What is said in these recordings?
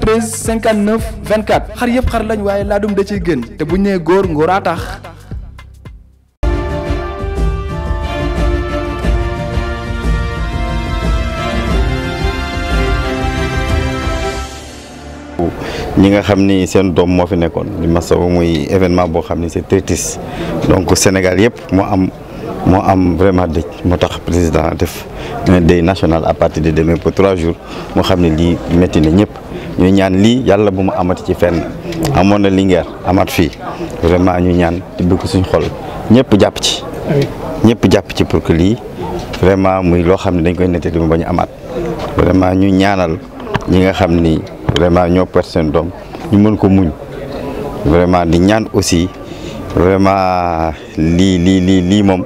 13 59 24 xar yëpp xar lañ waaye laadum da ciy gën te bu ñu nee góor ngóoraa tax. ñi nga xam ni seen doom moo fi nekkoon li ma muy événement boo xam ni c'est très donc Sénégal yëpp moo am moo am vraiment dëj moo tax président def un deuil national à partir de demain pour trois jours moo xam ne lii métti na ñëpp. ñu ñaan lii yàlla bu mu amati ci fenn amoon na Linguère amaat fii vraiment ñu ñaan tibbi ko suñ xol ñëpp jàpp ci ñëpp jàpp ci pour que lii vraiment muy loo xam ne dañ koy nettali mu bañ amaat vraiment ñu ñaanal ñi nga xam ni vraiment ñoo perte seen doom ñu mën ko muñ vraiment di ñaan aussi vraiment lii lii lii lii moom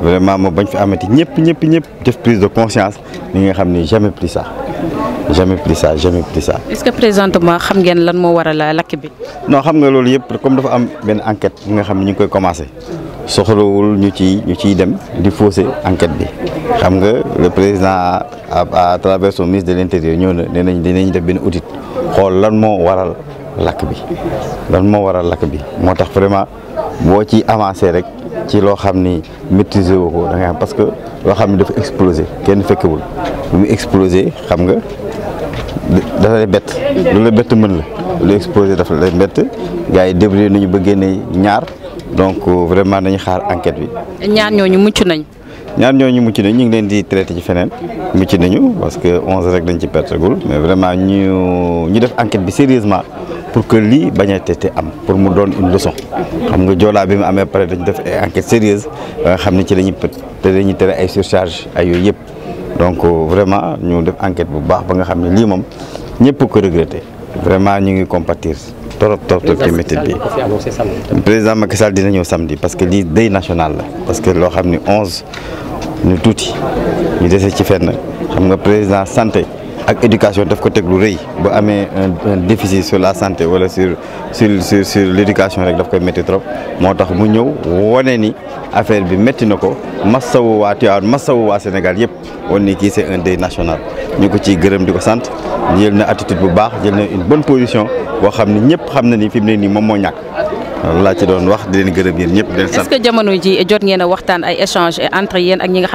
vraiment moo bañ fi amati ñëpp ñëpp ñëpp def prise de conscience ñu nga xam ni jamais pris sax jamais pris ça jamais pris ça. est-ce que présentement xam ngeen lan moo waral lakk bi. non xam nga loolu yëpp comme dafa am benn enquête bi nga xam ne ñu ngi koy commencé soxlawul ñu ci ñu ciy dem di fausser enquête bi xam nga le président a à travers son ministre de l'intérieur ñëw na nee nañ dinañ def benn audit xool lan moo waral lakk bi lan moo waral lakk bi moo tax vraiment boo ci avancé rek. ci loo xam ni maîtriser woo ko da nga xam parce que loo xam ni dafa exploser kenn fekkewul lu xam nga dafa lay bett lu la bett mën la lu exposé dafa lay bett gars yi débrouillé nañu ba génne ñaar donc euh, vraiment nañu xaar enquête bi. ñaar ñooñu mucc nañ. ñaar ñooñu mucc nañ ñu ngi leen di traité ci feneen mucc nañu parce que onze rek dañ ci pertagul mais vraiment ñu ñu def enquête bi sérieusement pour que lii bañ a tete am pour mu doon une leçon xam nga jolaa bi mu amee pare dañ def ay enquête sérieuse xam ne ci lañuy peut te dañuy tere ay surcharge ay yooyu yëpp. donc vraiment ñu def enquête bu baax ba nga xam ne lii moom ñëpp ko regretter vraiment ñu ngi compatir trop trop trop ci métier bi président Macky Sall dina ñëw samedi parce que lii deuil national la parce que loo xam ni onze ñu tuuti ñu dese ci fenn xam nga président santé ak éducation daf ko teg lu rëy ba amee un déficit sur la santé wala sur sur sur sur l'éducation rek daf koy métti trop moo tax mu ñëw wone ni affaire bi metti na ko masawu waa Tivaouane masawu waa Sénégal yëpp wan ni kii c'est un deuil national ñu ko ci gërëm di ko sant jël na attitude bu baax jël na une bonne position boo xam ne ñëpp xam na ni fi mu ne nii moom moo ñàkk loolu laa ci doon wax di leen gërëm yéen ñëpp di leen sant. est-ce que jamono ji jot ngeen a waxtaan ay échange entre yéen ak ñi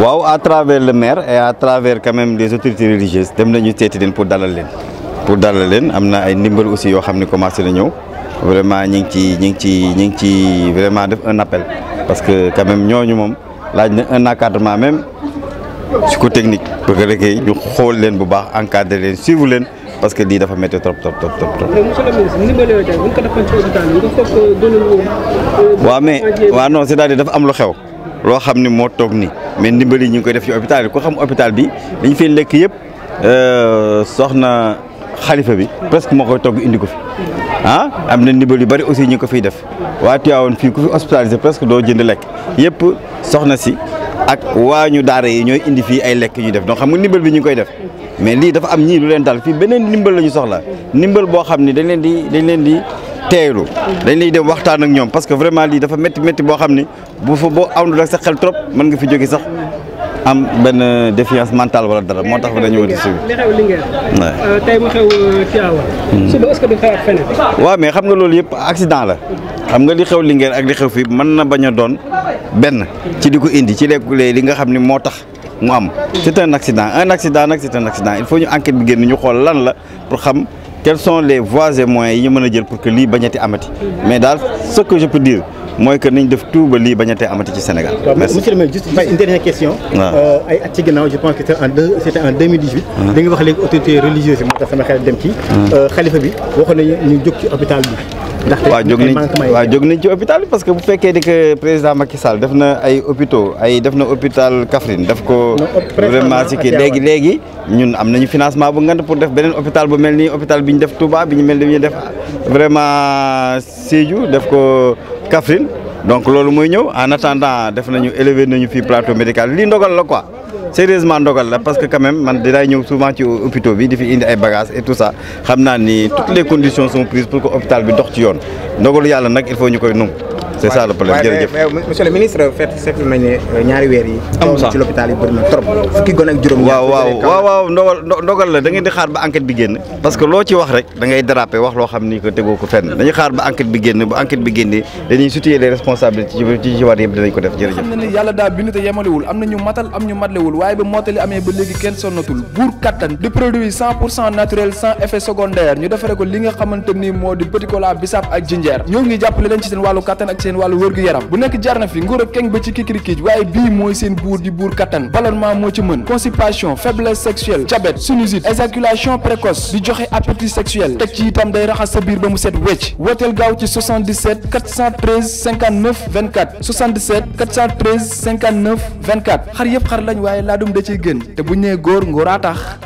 waaw à travers le maire et à travers quand même les autorités religieuses dem nañu seeti leen pour dalal leen pour dalal leen am na ay ndimbal aussi yoo xam ne commencé na ñëw vraiment ñi ngi ci ñi ngi ci ñi ngi ci vraiment def un appel parce que quand même ñooñu moom laaj na un encadrement même technique pour que rek ñu xool leen bu baax encadré leen suivre leen parce que lii dafa métti trop trop trop trop trop. mais monsieur le ministre ndimbal yooyu tamit euh, waaw mais waaw non cest à dafa am lu xew. loo xam ni moo toog nii mais ndimbali ñu ngi koy def ci hôpital bi ko xam hôpital bi dañu fee lekk yëpp euh, soxna xalifa bi presque moo koy togg indi ko fi ah am na ndimbal yu bari aussi ñu ko fiy def waa Tivaouane fii ku fi hospitalisé presque doo jënd lekk yëpp soxna si ak waa ñu daara yi ñooy indi fii ay lekk ñu def donc xam nga ndimbal bi ñu ngi koy def mais lii dafa am ñii lu leen dal fii beneen ndimbal la ñu soxla ndimbal boo xam ni dañ leen di dañ leen di teeylu dañ lay dem waxtaan ak ñoom parce que vraiment lii dafa métti métti boo xam ni bu fa boo àndul ak sa xel trop mën nga fi jóge sax am benn défiance mentale wala dara moo tax dañu war a subi. li xew waaw euh, euh, hmm. mais xam nga loolu yëpp accident la xam nga li xew Linguère ak li xew fii mën na bañ a doon benn ci di ko indi ci léeg-léeg li nga xam ni moo tax. mu am c'est un accident un accident nag c'est un accident il faut ñu enquête bi génn ñu xool lan la pour xam quelles sont les voies et moyens yi ñu mën a jël pour que lii bañati amati mais daal ce que je peux dire mooy que nañ def tout ba lii amati ci Sénégal. merci monsieur le maire juste une dernière question. waaw euh, ay at ci je pense que c'était en deux c'était en 2018. da wax léegi autorité religieuse moo tax sama xel dem ci. Euh, xalifa bi waxoon ñu jóg ci hôpital bi. waaw jóg nañ waaw jóg nañ ci hôpital bi parce que bu fekkee ni que président Macky def na ay hôpitaux ay def na hôpital Kaffrine def ko vraiment si kii léegi léegi ñun am nañu financement bu ngant pour def beneen hôpital bu mel nii hôpital bi ñu def Touba bi ñu mel ni ñu def vraiment Sédhiou def ko Kaffrine donc loolu mooy ñëw en attendant def nañu élever nañu fii plateau médical lii ndogal la ko sérieusement ndogal la parce que quand man dinaay ñëw souvent ci hôpitaux bi di fi indi ay bagages et tout ça xam naa ni toutes les conditions sont prises pour que hôpital bi dox ci yoon ndogalu yàlla nag il da xaar ba enquête bi génn. parce que loo ci wax rek da ngay wax loo xam ni que tegoo ko fenn dañuy xaar ba enquête bi génn bu enquête bi génnee dañuy situer les responsabilités ci ci ci war yëpp dinañ ko def jërëjëf. xam waaye ba mottali amee ba léegi kenn sonnatul buur kattan di produit cent pour naturel sans effet secondaire ñu defare ko li nga xamante ni moo di petit cola bisaab ak jinjeer ñoo ngi jàppale leen ci seen wàllu kattan ak seen wàllu wërgu-yaram bu nekk jar na fi nguur ak keng ba ci kikirikiij waaye bii mooy seen buur di buur kattan ballonnement moo ci mën constipation faiblesse sexuelle diabète sinusite éjaculation précoce di joxe appétit sexuel teg ci itam day raxas sa biir ba mu set wecc wooteel gaaw ci 77 413 59 24 77 413 59 24 xar yëpp xar lañ waaye laadum da ciy génn te bu ñu nee góor ngóoraa tax